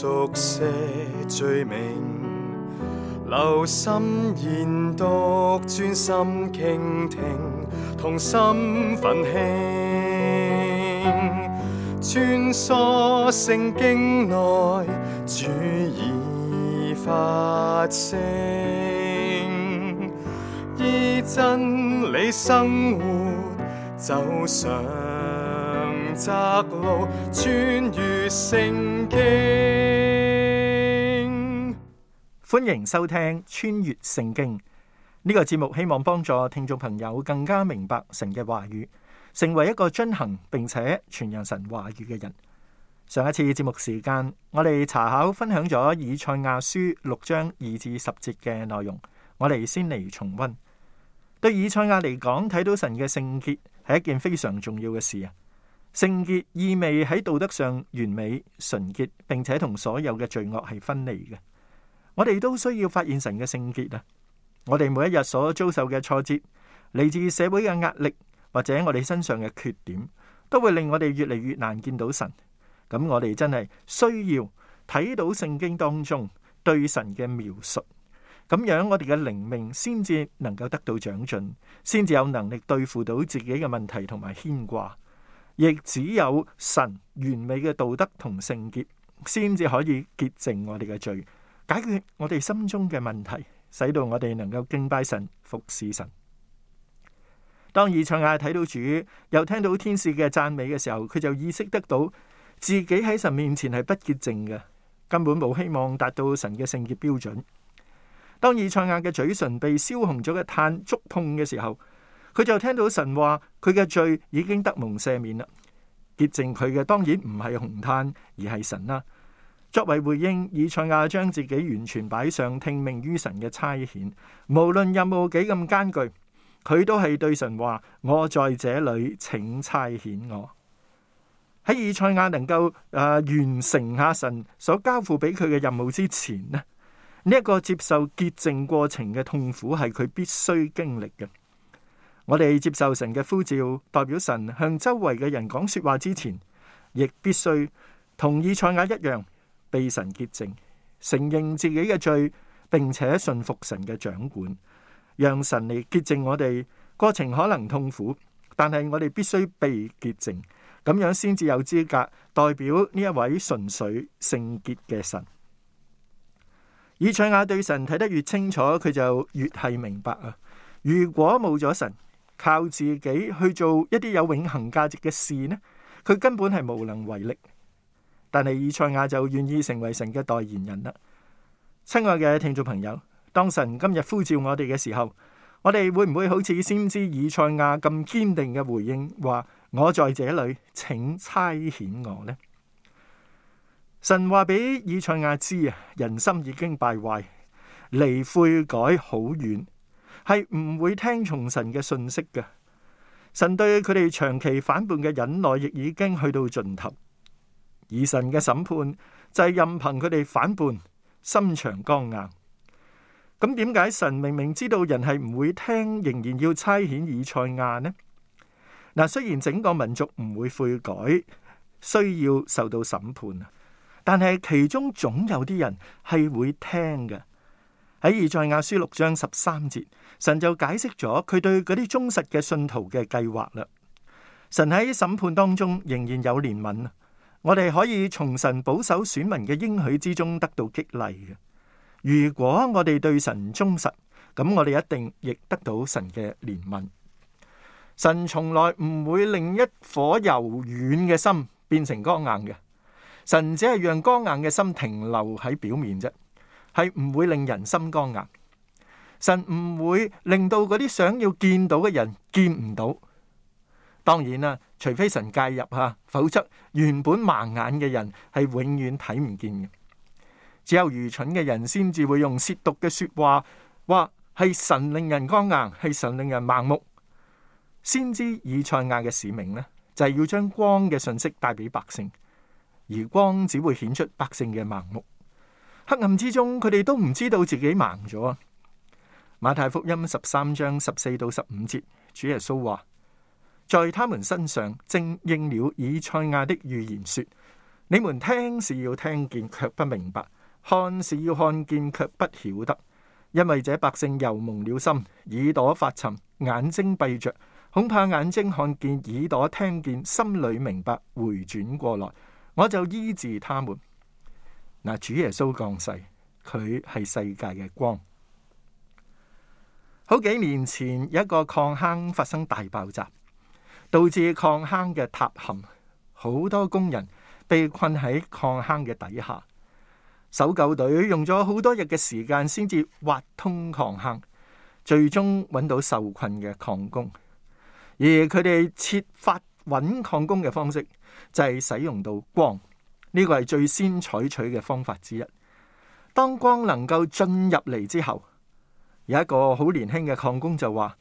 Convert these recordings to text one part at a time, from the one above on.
逐捨罪名，留心研讀，專心傾聽，同心奮興，穿梭聖經內，主已發聲，依真理生活，走上窄路，穿越聖經。歡迎收聽穿越聖經呢個節目，希望幫助聽眾朋友更加明白神嘅話語，成為一個遵行並且傳揚神話語嘅人。上一次節目時間，我哋查考分享咗以賽亞書六章二至十節嘅內容，我哋先嚟重溫。對以賽亞嚟講，睇到神嘅聖潔係一件非常重要嘅事啊！聖潔意味喺道德上完美、純潔，並且同所有嘅罪惡係分離嘅。我哋都需要發現神嘅聖潔啊！我哋每一日所遭受嘅挫折，嚟自社會嘅壓力，或者我哋身上嘅缺點，都會令我哋越嚟越難見到神。咁我哋真係需要睇到聖經當中對神嘅描述，咁樣我哋嘅靈命先至能夠得到長進，先至有能力對付到自己嘅問題同埋牽掛。亦只有神完美嘅道德同聖潔，先至可以潔淨我哋嘅罪。解決我哋心中嘅問題，使到我哋能夠敬拜神、服侍神。當以賽亞睇到主，又聽到天使嘅讚美嘅時候，佢就意識得到自己喺神面前係不潔淨嘅，根本冇希望達到神嘅聖潔標準。當以賽亞嘅嘴唇被燒紅咗嘅炭觸碰嘅時候，佢就聽到神話佢嘅罪已經得蒙赦免啦。潔淨佢嘅當然唔係紅炭，而係神啦。作為回應，以賽亞將自己完全擺上，聽命於神嘅差遣。無論任務幾咁艱巨，佢都係對神話：我在這裏，請差遣我。喺以賽亞能夠誒、呃、完成下神所交付俾佢嘅任務之前呢，呢、這、一個接受潔淨過程嘅痛苦係佢必須經歷嘅。我哋接受神嘅呼召，代表神向周圍嘅人講說話之前，亦必須同以賽亞一樣。被神潔淨，承認自己嘅罪，並且信服神嘅掌管，讓神嚟潔淨我哋。過程可能痛苦，但係我哋必須被潔淨，咁樣先至有資格代表呢一位純粹聖潔嘅神。以賽亞對神睇得越清楚，佢就越係明白啊！如果冇咗神，靠自己去做一啲有永恒價值嘅事呢？佢根本係無能為力。但係以賽亞就願意成為神嘅代言人啦。親愛嘅聽眾朋友，當神今日呼召我哋嘅時候，我哋會唔會好似先知以賽亞咁堅定嘅回應話：「我在這裏，請差遣我呢？」神話俾以賽亞知啊，人心已經敗壞，離悔改好遠，係唔會聽從神嘅信息嘅。神對佢哋長期反叛嘅忍耐亦已經去到盡頭。以神嘅審判就係任憑佢哋反叛、心腸剛硬。咁點解神明明知道人係唔會聽，仍然要差遣以賽亞呢？嗱，雖然整個民族唔會悔改，需要受到審判啊，但係其中總有啲人係會聽嘅。喺以賽亞書六章十三節，神就解釋咗佢對嗰啲忠實嘅信徒嘅計劃啦。神喺審判當中仍然有憐憫啊！我哋可以從神保守選民嘅應許之中得到激勵嘅。如果我哋對神忠實，咁我哋一定亦得到神嘅憐憫。神從來唔會令一顆柔軟嘅心變成剛硬嘅，神只係讓剛硬嘅心停留喺表面啫，係唔會令人心剛硬。神唔會令到嗰啲想要見到嘅人見唔到。當然啦。除非神介入吓，否則原本盲眼嘅人係永遠睇唔見嘅。只有愚蠢嘅人先至會用褻瀆嘅說話，話係神令人光硬，係神令人盲目。先知以賽亞嘅使命呢，就係、是、要將光嘅信息帶俾百姓，而光只會顯出百姓嘅盲目。黑暗之中，佢哋都唔知道自己盲咗。啊。馬太福音十三章十四到十五節，主耶穌話。在他們身上，正應了以賽亞的預言說：說你們聽是要聽見，却不明白；看是要看見，却不曉得。因為這百姓又蒙了心，耳朵發沉，眼睛閉着，恐怕眼睛看見，耳朵聽見，心裏明白，回轉過來，我就醫治他們。嗱，主耶穌降世，佢係世界嘅光。好幾年前，有一個礦坑發生大爆炸。導致礦坑嘅塌陷，好多工人被困喺礦坑嘅底下。搜救隊用咗好多日嘅時間，先至挖通礦坑，最終揾到受困嘅礦工。而佢哋設法揾礦工嘅方式，就係使用到光。呢個係最先採取嘅方法之一。當光能夠進入嚟之後，有一個好年輕嘅礦工就話。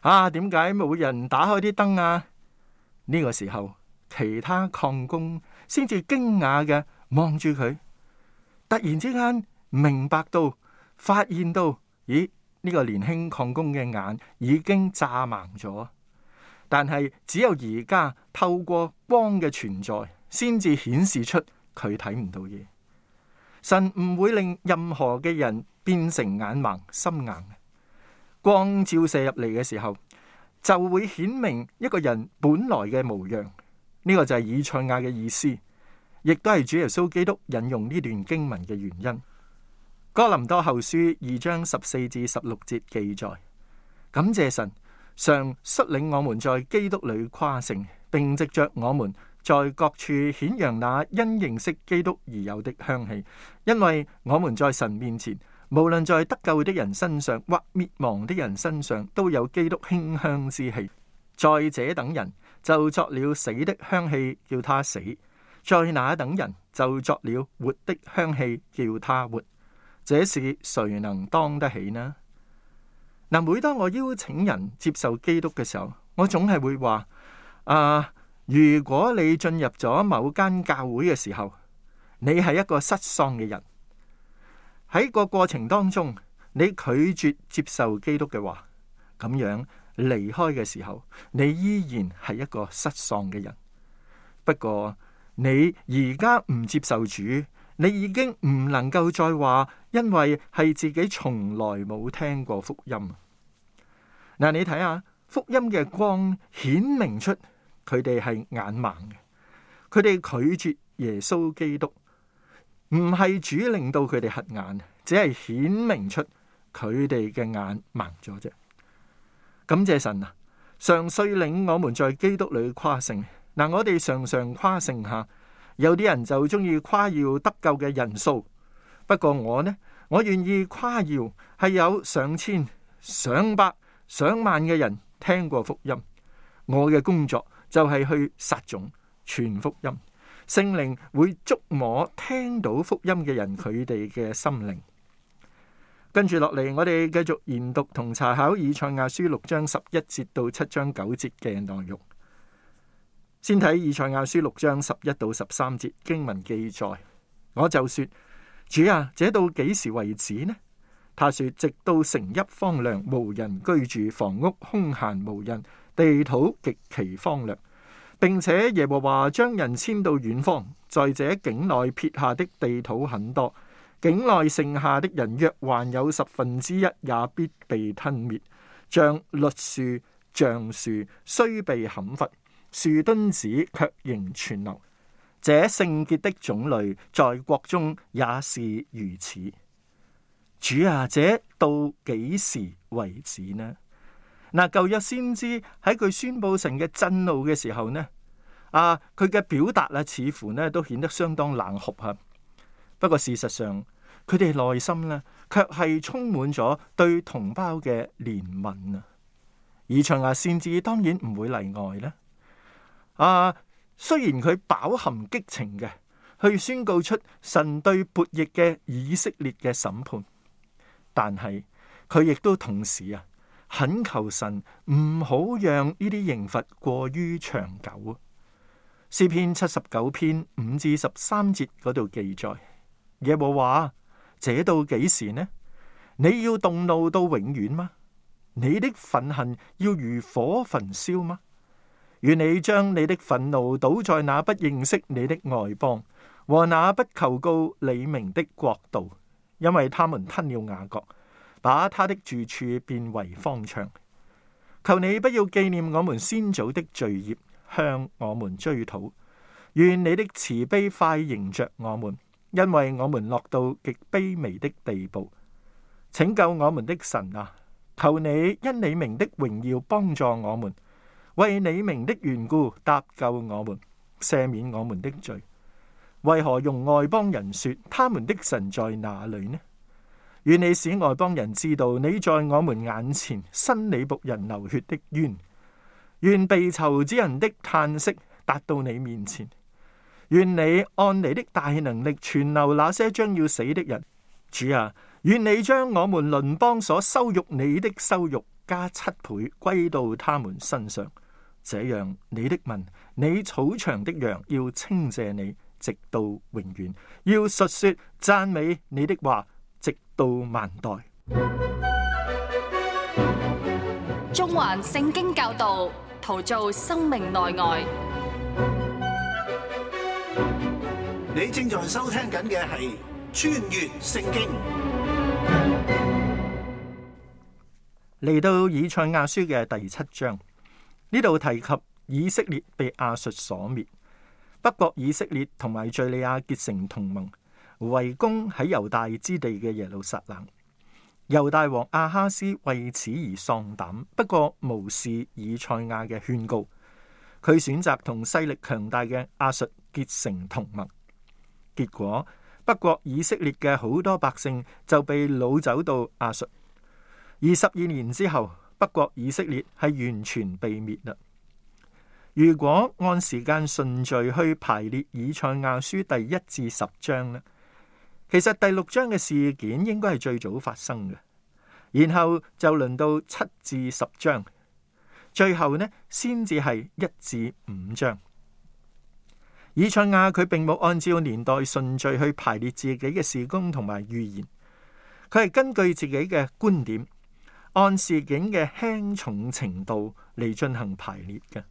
啊，點解冇人打開啲燈啊？呢個時候，其他礦工先至驚訝嘅望住佢，突然之間明白到，發現到，咦？呢個年輕礦工嘅眼已經炸盲咗，但係只有而家透過光嘅存在，先至顯示出佢睇唔到嘢。神唔會令任何嘅人變成眼盲心硬。光照射入嚟嘅時候，就會顯明一個人本來嘅模樣。呢、這個就係以賽亞嘅意思，亦都係主耶穌基督引用呢段經文嘅原因。哥林多後書二章十四至十六節記載：感謝神，常率領我們在基督裏誇勝，並藉着我們在各處顯揚那因認識基督而有的香氣，因為我們在神面前。無論在得救的人身上或滅亡的人身上，都有基督馨香之氣。在這等人就作了死的香氣，叫他死；在那等人就作了活的香氣，叫他活。這事誰能當得起呢？嗱，每當我邀請人接受基督嘅時候，我總係會話，啊，如果你進入咗某間教會嘅時候，你係一個失喪嘅人。喺個過程當中，你拒絕接受基督嘅話，咁樣離開嘅時候，你依然係一個失喪嘅人。不過你而家唔接受主，你已經唔能夠再話，因為係自己從來冇聽過福音。嗱，你睇下福音嘅光顯明出佢哋係眼盲嘅，佢哋拒絕耶穌基督。唔係主令到佢哋瞎眼，只係顯明出佢哋嘅眼盲咗啫。感謝神啊！常率領我們在基督裏誇勝。嗱，我哋常常誇勝下，有啲人就中意誇耀得救嘅人數，不過我呢，我願意誇耀係有上千、上百、上萬嘅人聽過福音。我嘅工作就係去撒種傳福音。聖靈會觸摸聽到福音嘅人，佢哋嘅心靈。跟住落嚟，我哋繼續研讀同查考以賽亞書六章十一節到七章九節嘅內容。先睇以賽亞書六章十一到十三節經文記載，我就說：主啊，這到幾時為止呢？他說：直到城邑荒涼，無人居住，房屋空閒無人，地土極其荒涼。並且耶和華將人遷到遠方，在這境內撇下的地土很多，境內剩下的人若還有十分之一，也必被吞滅。像栗樹、橡樹雖被砍伐，樹墩子卻仍存留。這聖潔的種類在國中也是如此。主啊者，這到幾時為止呢？嗱，舊約先知喺佢宣佈神嘅震怒嘅時候呢，啊，佢嘅表達啊，似乎呢都顯得相當冷酷啊。不過事實上，佢哋內心呢，卻係充滿咗對同胞嘅憐憫啊。而以賽亞先知當然唔會例外啦。啊，雖然佢飽含激情嘅去宣告出神對叛逆嘅以色列嘅審判，但係佢亦都同時啊。懇求神唔好讓呢啲刑罰過於長久啊！詩篇七十九篇五至十三節嗰度記載：耶和華，這到幾時呢？你要動怒到永遠嗎？你的憤恨要如火焚燒嗎？願你將你的憤怒倒在那不認識你的外邦和那不求告你名的國度，因為他們吞了雅各。把他的住處變為荒場，求你不要紀念我們先祖的罪孽，向我們追討。願你的慈悲快迎着我們，因為我們落到極卑微的地步。拯救我們的神啊，求你因你名的榮耀幫助我們，為你名的緣故搭救我們，赦免我們的罪。為何用外邦人說他們的神在哪裏呢？願你使外邦人知道你在我們眼前，伸你僕人流血的冤。願被囚之人的嘆息達到你面前。願你按你的大能力存留那些將要死的人。主啊，願你將我們鄰邦所羞辱你的羞辱加七倍歸到他們身上。這樣你的民、你草場的羊要稱謝你，直到永遠。要述說讚美你的話。到萬代，中環聖經教導，陶造生命內外。你正在收聽緊嘅係《穿越聖經》，嚟到以賽亞書嘅第七章，呢度提及以色列被亞述所滅，不過以色列同埋敘利亞結成同盟。圍攻喺猶大之地嘅耶路撒冷，猶大王亞哈斯為此而喪膽。不過無視以賽亞嘅勸告，佢選擇同勢力強大嘅亞述結成同盟。結果北國以色列嘅好多百姓就被擄走到亞述。二十二年之後，北國以色列係完全被滅嘞。如果按時間順序去排列，以賽亞書第一至十章啦。其實第六章嘅事件應該係最早發生嘅，然後就輪到七至十章，最後呢先至係一至五章。以賽亞佢並冇按照年代順序去排列自己嘅事工同埋預言，佢係根據自己嘅觀點，按事件嘅輕重程度嚟進行排列嘅。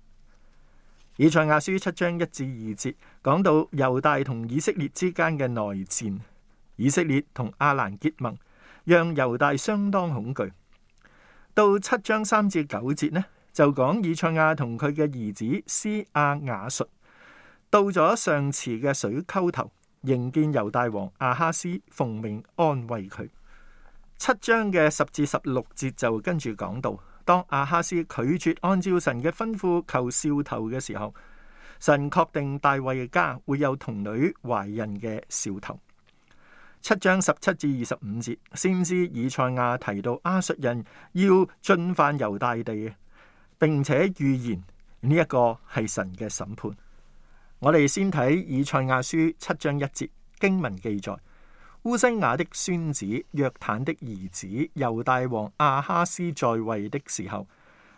以賽亞書七章一至二節講到猶大同以色列之間嘅內戰。以色列同亞蘭結盟，讓猶大相當恐懼。到七章三至九節呢，就講以賽亞同佢嘅兒子施亞雅述到咗上池嘅水溝頭，迎見猶大王亞哈斯奉命安慰佢。七章嘅十至十六節就跟住講到，當亞哈斯拒絕按照神嘅吩咐求兆頭嘅時候，神確定大衛嘅家會有童女懷孕嘅兆頭。七章十七至二十五節，先知以賽亞提到亞述人要進犯猶大地，並且預言呢一個係神嘅審判。我哋先睇以賽亞書七章一節經文記載：烏西雅的孫子約坦的兒子猶大王亞哈斯在位的時候，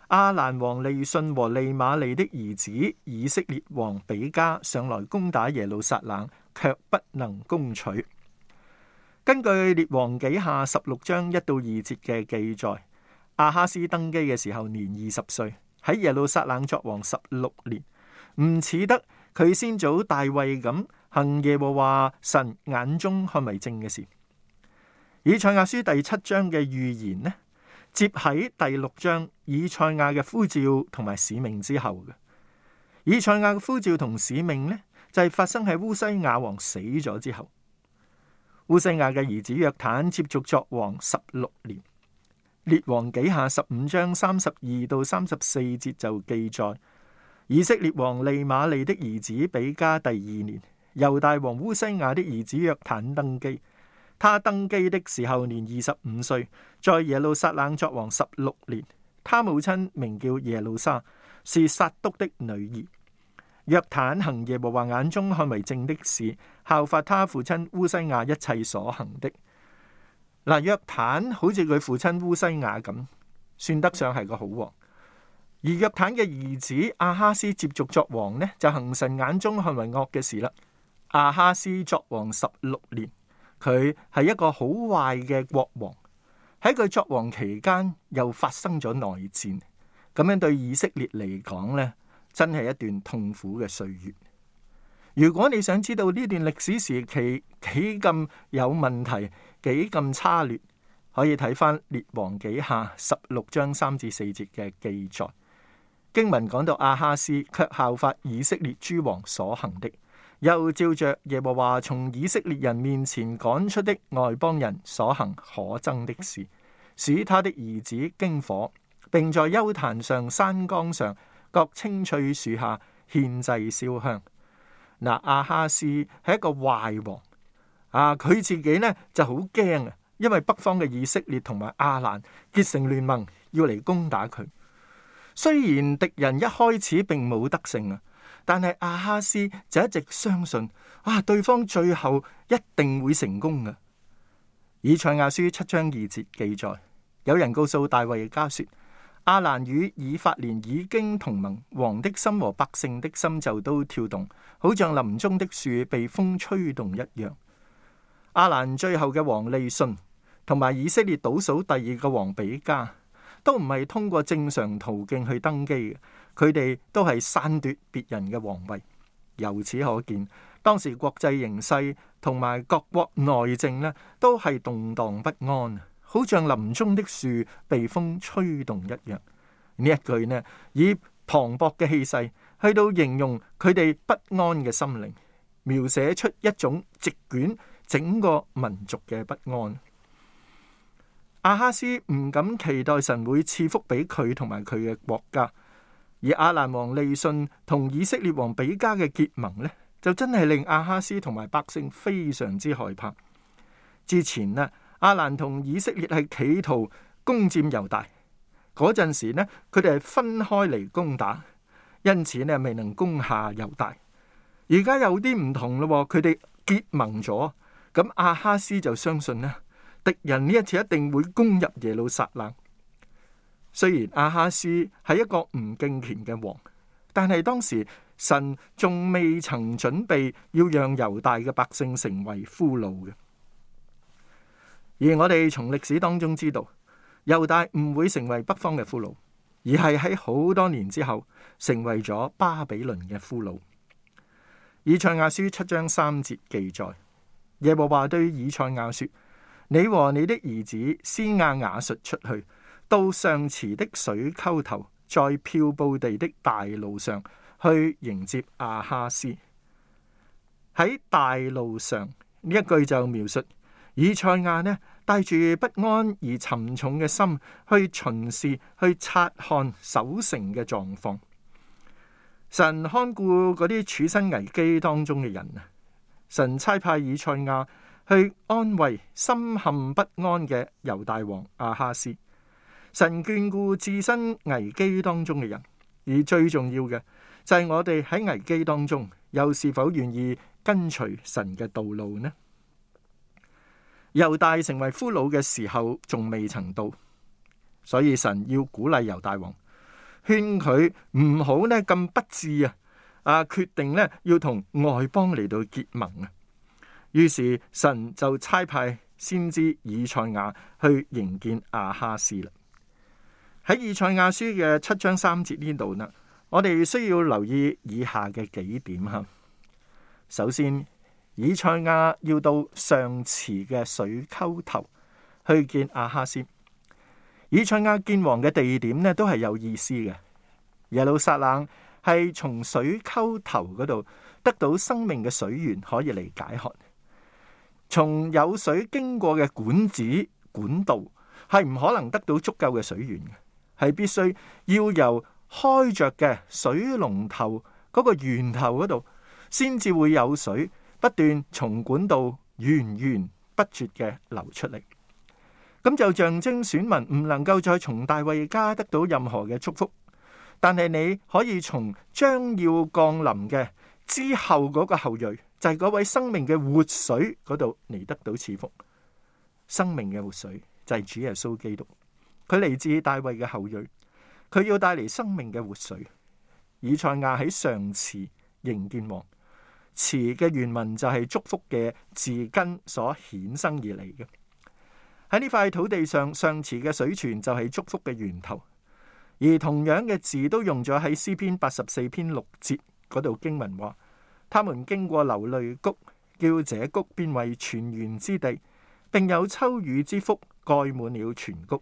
亞蘭王利汛和利瑪利的兒子以色列王比加上來攻打耶路撒冷，卻不能攻取。根據列王記下十六章一到二節嘅記載，亞哈斯登基嘅時候年二十歲，喺耶路撒冷作王十六年，唔似得佢先祖大衛咁行耶和華神眼中看為正嘅事。以賽亞書第七章嘅預言呢，接喺第六章以賽亞嘅呼召同埋使命之後嘅。以賽亞嘅呼召同使命呢，就係、是、發生喺烏西亞王死咗之後。烏西雅嘅兒子約坦接續作王十六年。列王紀下十五章三十二到三十四節就記載：以色列王利瑪利的兒子比加第二年，猶大王烏西雅的兒子約坦登基。他登基的時候年二十五歲，在耶路撒冷作王十六年。他母親名叫耶路沙，是撒督的女兒。約坦行耶和華眼中看為正的事，效法他父親烏西亞一切所行的。嗱，約坦好似佢父親烏西亞咁，算得上係個好王。而約坦嘅兒子亞哈斯接續作王呢，就行神眼中看為惡嘅事啦。亞哈斯作王十六年，佢係一個好壞嘅國王。喺佢作王期間，又發生咗內戰。咁樣對以色列嚟講呢，真係一段痛苦嘅歲月。如果你想知道呢段歷史時期幾咁有問題，幾咁差劣，可以睇翻《列王紀下》十六章三至四節嘅記載。經文講到阿哈斯卻效法以色列諸王所行的，又照着耶和華從以色列人面前趕出的外邦人所行可憎的事，使他的兒子經火，並在邱壇上、山崗上，各青翠樹下獻祭燒香。嗱，亞哈斯係一個壞王，啊，佢自己呢就好驚啊，因為北方嘅以色列同埋亞蘭結成聯盟要嚟攻打佢。雖然敵人一開始並冇得勝啊，但係亞哈斯就一直相信啊，對方最後一定會成功嘅。以賽亞書七章二節記載，有人告訴大衛家說。阿蘭與以法蓮已經同盟，王的心和百姓的心就都跳動，好像林中的樹被風吹動一樣。阿蘭最後嘅王利汛，同埋以色列倒數第二個王比加，都唔係通過正常途徑去登基嘅，佢哋都係篡奪別人嘅皇位。由此可見，當時國際形勢同埋各國內政呢，都係動蕩不安。好像林中的樹被風吹動一樣，呢一句呢，以磅礴嘅氣勢去到形容佢哋不安嘅心靈，描寫出一種席捲整個民族嘅不安。亞哈斯唔敢期待神會賜福俾佢同埋佢嘅國家，而亞蘭王利汛同以色列王比加嘅結盟呢，就真係令亞哈斯同埋百姓非常之害怕。之前呢，阿蘭同以色列係企圖攻佔猶大，嗰陣時呢，佢哋係分開嚟攻打，因此咧未能攻下猶大。而家有啲唔同啦，佢哋結盟咗。咁阿哈斯就相信咧，敵人呢一次一定會攻入耶路撒冷。雖然阿哈斯係一個唔敬虔嘅王，但係當時神仲未曾準備要讓猶大嘅百姓成為俘虜嘅。而我哋從歷史當中知道，猶大唔會成為北方嘅俘虜，而係喺好多年之後成為咗巴比倫嘅俘虜。以賽亞書七章三節記載，耶和華對以賽亞說：你和你的兒子施亞雅述出去，到上池的水溝頭，在漂布地的大路上去迎接亞哈斯。喺大路上呢一句就描述以賽亞呢。帶住不安而沉重嘅心去巡視、去察看，守城嘅狀況。神看顧嗰啲處身危機當中嘅人啊！神差派以賽亞去安慰深陷不安嘅猶大王亞哈斯。神眷顧自身危機當中嘅人，而最重要嘅就係我哋喺危機當中又是否願意跟隨神嘅道路呢？猶大成為俘虜嘅時候，仲未曾到，所以神要鼓勵猶大王，勸佢唔好呢咁不智啊！啊，決定呢要同外邦嚟到結盟啊！於是神就差派先知以賽亞去迎見亞哈斯啦。喺以賽亞書嘅七章三節呢度呢，我哋需要留意以下嘅幾點啊。首先。以賽亞要到上池嘅水溝頭去見阿哈先。以賽亞見王嘅地點咧，都係有意思嘅。耶路撒冷係從水溝頭嗰度得到生命嘅水源，可以嚟解渴。從有水經過嘅管子管道係唔可能得到足夠嘅水源嘅，係必須要由開着嘅水龍頭嗰個源頭嗰度先至會有水。不斷從管道源源不絕嘅流出嚟，咁就象徵選民唔能夠再從大衛家得到任何嘅祝福，但係你可以從將要降臨嘅之後嗰個後裔，就係、是、嗰位生命嘅活水嗰度嚟得到賜福。生命嘅活水就係、是、主耶穌基督，佢嚟自大衛嘅後裔，佢要帶嚟生命嘅活水。以賽亞喺上池仍見王。池嘅原文就係祝福嘅字根所衍生而嚟嘅。喺呢塊土地上，上池嘅水泉就係祝福嘅源頭，而同樣嘅字都用咗喺詩篇八十四篇六節嗰度經文話，他們經過流淚谷，叫這谷變為泉源之地，並有秋雨之福蓋滿了全谷。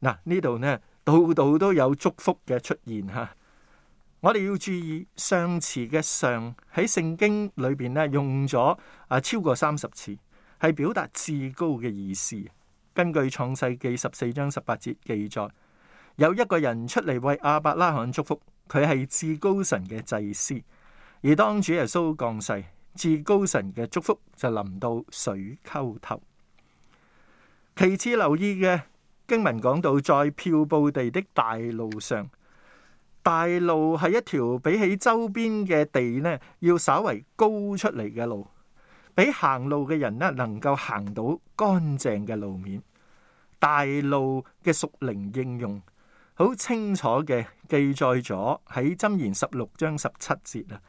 嗱呢度呢，度度都有祝福嘅出現吓。我哋要注意上詞嘅上喺聖經裏邊咧用咗啊超過三十次，係表達至高嘅意思。根據創世記十四章十八節記載，有一個人出嚟為亞伯拉罕祝福，佢係至高神嘅祭司。而當主耶穌降世，至高神嘅祝福就臨到水溝頭。其次留意嘅經文講到，在漂布地的大路上。大路係一條比起周邊嘅地呢，要稍為高出嚟嘅路，比行路嘅人呢，能夠行到乾淨嘅路面。大路嘅屬靈應用好清楚嘅記載咗喺《箴言》十六章十七節啊。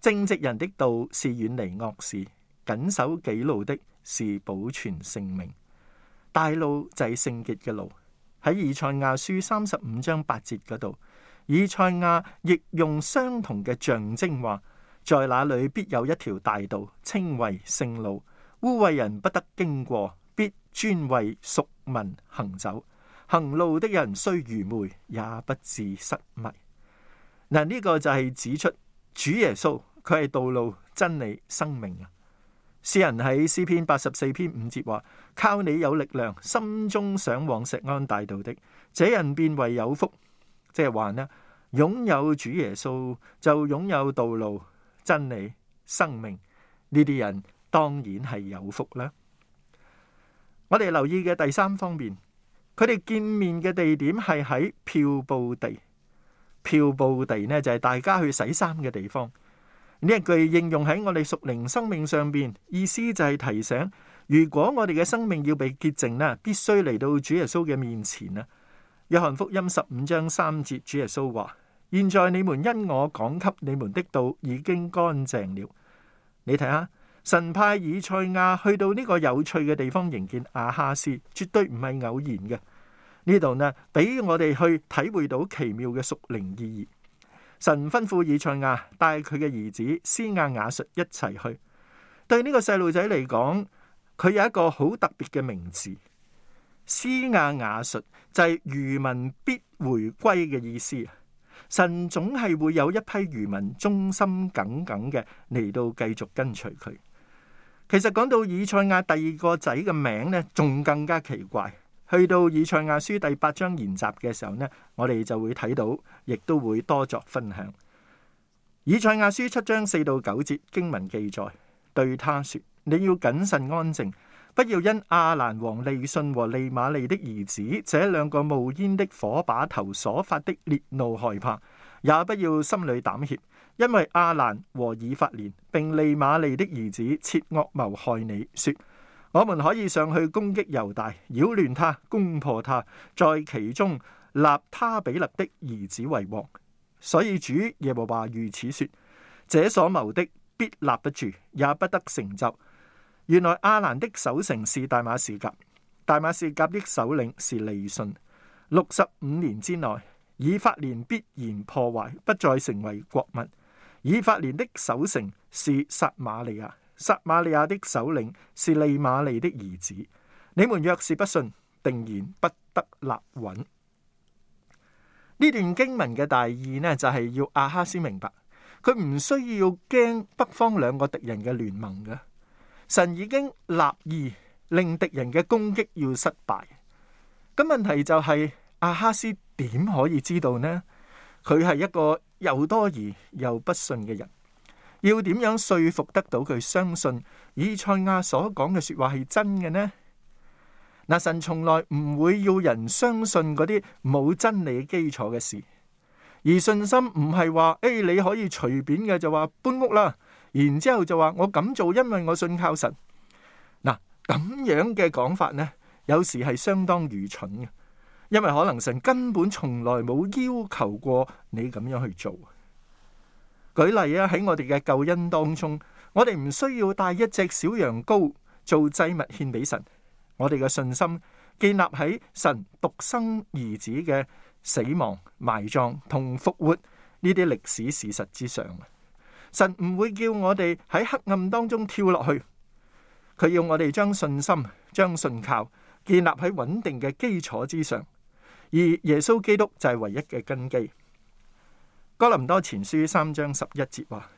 正直人的道是遠離惡事，謹守己路的是保全性命。大路就係聖潔嘅路，喺《以賽亞書》三十五章八節嗰度。以賽亞亦用相同嘅象徵話，在那裏必有一條大道，稱為聖路，污穢人不得經過，必專為贖民行走。行路的人雖愚昧，也不致失迷。嗱，呢個就係指出主耶穌佢係道路、真理、生命啊！詩人喺詩篇八十四篇五節話：靠你有力量，心中想往錫安大道的，這人便為有福。即係話呢擁有主耶穌就擁有道路、真理、生命呢啲人，當然係有福啦。我哋留意嘅第三方面，佢哋見面嘅地點係喺漂布地。漂布地呢，就係大家去洗衫嘅地方。呢一句應用喺我哋屬靈生命上邊，意思就係提醒：如果我哋嘅生命要被潔淨咧，必須嚟到主耶穌嘅面前啊！約翰福音十五章三節，主耶穌話：現在你們因我講給你們的道已經乾淨了。你睇下，神派以賽亞去到呢個有趣嘅地方迎見阿哈斯，絕對唔係偶然嘅。呢度呢俾我哋去體會到奇妙嘅屬靈意義。神吩咐以賽亞帶佢嘅兒子施亞雅述一齊去。對呢個細路仔嚟講，佢有一個好特別嘅名字。施亞雅述就係、是、餘民必回歸嘅意思。神總係會有一批餘民忠心耿耿嘅，嚟到繼續跟隨佢。其實講到以賽亞第二個仔嘅名呢，仲更加奇怪。去到以賽亞書第八章研習嘅時候呢，我哋就會睇到，亦都會多作分享。以賽亞書七章四到九節經文記載，對他說：你要謹慎安靜。不要因亞蘭王利汛和利瑪利的兒子這兩個冒煙的火把頭所發的烈怒害怕，也不要心裏膽怯，因為亞蘭和以法蓮並利瑪利的兒子設惡謀害你，說：我們可以上去攻擊猶大，擾亂他，攻破他，在其中立他比勒的兒子為王。所以主耶和華如此說：這所謀的必立不住，也不得成就。原來亞蘭的首城是大馬士革，大馬士革的首領是利汛。六十五年之內，以法蓮必然破壞，不再成為國民。以法蓮的首城是撒馬利亞，撒馬利亞的首領是利瑪利的兒子。你們若是不信，定然不得立穩。呢段經文嘅大意呢，就係、是、要亞哈斯明白，佢唔需要驚北方兩個敵人嘅聯盟嘅。神已經立意令敵人嘅攻擊要失敗，咁問題就係，阿哈斯點可以知道呢？佢係一個又多疑又不信嘅人，要點樣說服得到佢相信以賽亞所講嘅說話係真嘅呢？嗱，神從來唔會要人相信嗰啲冇真理基礎嘅事，而信心唔係話誒，你可以隨便嘅就話搬屋啦。然之後就話我咁做，因為我信靠神。嗱，咁樣嘅講法呢，有時係相當愚蠢嘅，因為可能神根本從來冇要求過你咁樣去做。舉例啊，喺我哋嘅救恩當中，我哋唔需要帶一隻小羊羔做祭物獻俾神。我哋嘅信心建立喺神獨生兒子嘅死亡、埋葬同復活呢啲歷史事實之上。神唔會叫我哋喺黑暗當中跳落去，佢要我哋將信心、將信靠建立喺穩定嘅基礎之上，而耶穌基督就係唯一嘅根基。哥林多前書三章十一節話：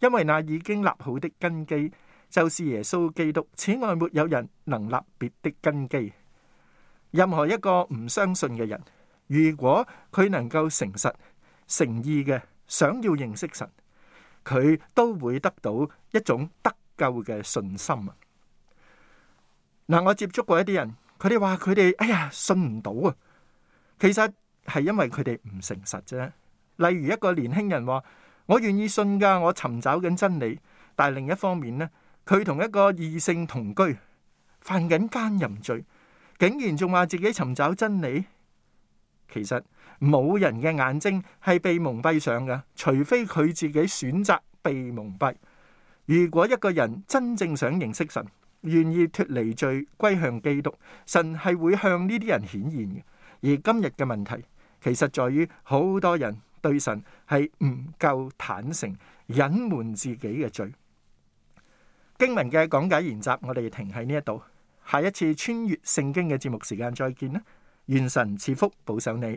因為那已經立好的根基就是耶穌基督，此外沒有人能立別的根基。任何一個唔相信嘅人，如果佢能夠誠實、誠意嘅想要認識神。佢都會得到一種得救嘅信心啊！嗱，我接觸過一啲人，佢哋話佢哋哎呀信唔到啊！其實係因為佢哋唔誠實啫。例如一個年輕人話：我願意信㗎，我尋找緊真理。但係另一方面咧，佢同一個異性同居，犯緊奸淫罪，竟然仲話自己尋找真理。其實。冇人嘅眼睛係被蒙蔽上嘅，除非佢自己選擇被蒙蔽。如果一個人真正想認識神，願意脫離罪，歸向基督，神係會向呢啲人顯現嘅。而今日嘅問題，其實在於好多人對神係唔夠坦誠，隱瞞自己嘅罪。經文嘅講解研習，我哋停喺呢一度。下一次穿越聖經嘅節目時間再見啦！願神賜福，保守你。